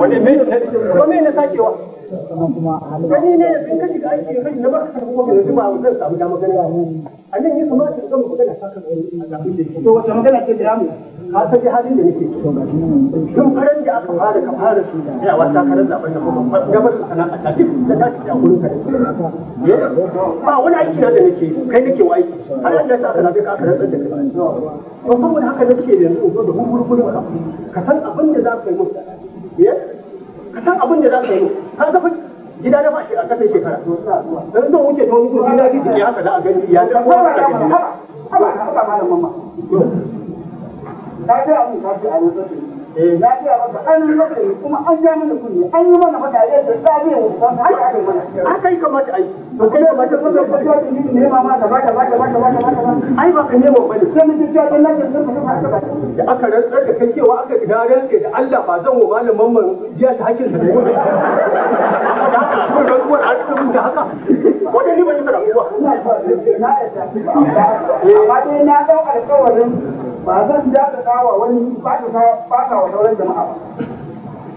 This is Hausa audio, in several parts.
wani me ko ne na sakewa wani ne in ka shiga aiki kai na baka karɓo ko yanzu ma zan samu dama ganin abu a nan yi kamata ka gama magana ta kan to wata magana ce da mu ka san ji halin da nake tun karan aka fara ka fara su ya wata karan zaben da kuma gabar sana'a ta duk da ta ci a gurin ka ba wani aiki na da nake kai nake wa aiki har Allah ta aka zabe ka rantsar da kai to saboda haka nace yanzu ko da hurhurhur ka san abin da za ka yi musu ka san abin da za ka yi ka zafi gida da bashi a kasar shekara don zan wuce ta wani gurbi na jiki haka za a gani ya ta kowa ta gani ta a na gaya maka an lokaci kuma an ja mana kuɗi an yi mana fata yadda tsari ya wuce an haɗe mana A' kai kamata ai to kai kamata ka ga ka ga ni ne ma ma ba ka ba da ba da ba ai ba ka ne ba bane sai ji ta dan nan da ka ka da aka rantsar da kai cewa aka gida rantsa da Allah ba zan wa malamin man jiya ta hakkin sa ne ba da haka kun rantsuwar an rubuta haka wanda ni ban yi ba na yarda amma dai na ga alƙawarin ba zan dakata wa wani ba ta wa sauran jama'a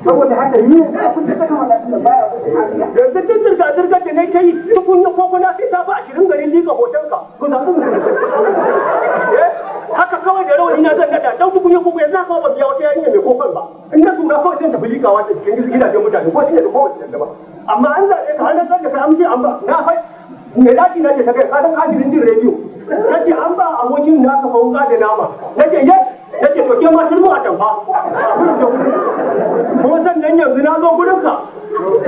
saboda haka ni da kun ta kama lafiya baya da da tun da zadir da ne kai tukun na ko kuna sai ta ba 20 garin lika hoton ka ku da eh, haka kawai da rawani na zan gada dan kuku kuku ya zaka ba biya wata yanya mai kofar ba in na tura kawai zan tafi likawa ta cikin gidajen mutane ko shi da ko da ba amma an zaɓe ka an zaka ka amje amma na fai. me daji na ce ta kai ka san ajirin jin rediyo ce an ba abokin da aka fauka da nama nace na ce to ke ma turmu a tamfa kuma sannan yanzu na zo gurin ka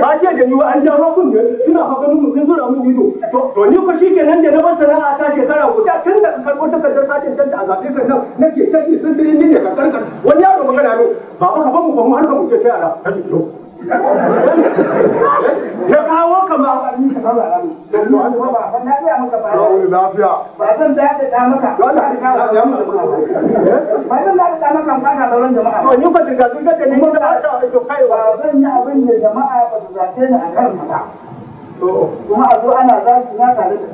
ka ce da ni an jawo kun ne suna fa ganin mu sun zura mun ido to ni ko shi ke nan da na bar sana'a ta shekara guda tun da karbo takardar satin ta a zaɓe ka nan nake take sun dire ni ne ka karkar wani yaro magana ba ba ka ba mu ba mu har ka mu ce ta yara nace to ya kawo ka ma lafiya ba zan da ka da maka ba zan da ka da maka ba ka sauran jama'a to ni ba da ga sun ga ne ba ba zan yi abin jama'a ba su zace ni a kan mata kuma a ana zaci na tare da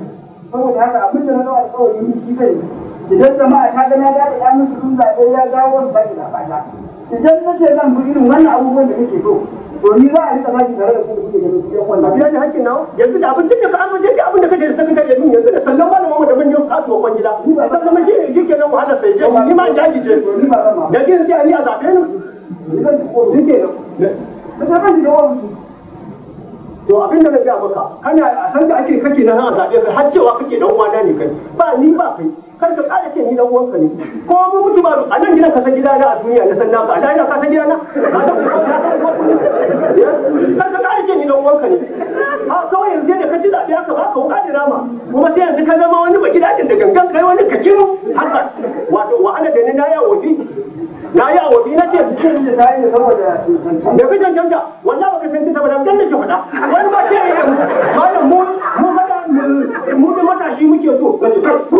saboda haka abin da na zo shi zai idan jama'a ta ga na da ya musu sun zaɓe ya dawo ba ni na fata idan nake zan bi irin wannan abubuwan da nake so to ni za a rika zaki tare da su da kuke ganin cikin wannan biya ji hakkin nawa yanzu da abin da ka amince da abin da kake da sanin kake yanzu da sallan malamin mu da mun yau kasuwa kwan gida sallan mun shine shike nan wahala sai je ni ma jaji je da kin sai ni a zabe ni ni kan ko ni ke da ka kan shiga wani to abin da na ga maka kana a san da ake kake nan a zabe har cewa kake da uwa ne kai ba ni ba kai kar ka ƙara ce ni dan uwanka ne ko mu mutu ba a nan gidan ka san gidana a duniya na san naka a da ina ka san gidana kar ka ƙara ce ni dan uwanka ne a kawai yanzu da ka ji zaɓe haka ba ka wuƙa da nama kuma sai yanzu ka zama wani ba gidajen da gangan kai wani ka kiro haka wato da ni na yawo bi na yi na ce da fi cancanta wanda baka san ta saboda ganin ki faɗa wani ba ce malam mu mu mata mu da matashi muke so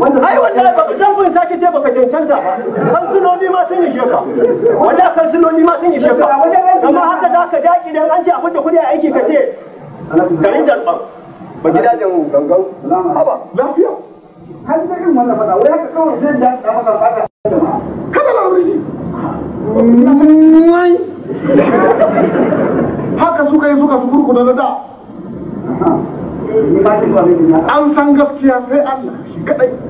ai wallahi ba dan bin sake ce baka cancanta ba kansuloli ma sun yi sheka wallahi kansuloli ma sun yi sheka amma haka za ka daki dan an ce a da kudi a aiki ka ce garin jalban ba gidajen gangan haba lafiya har da irin wannan fada wai haka kawai zai da da maka fada kada haka suka yi suka su kurkuda da da an san gaskiya sai Allah shi kadai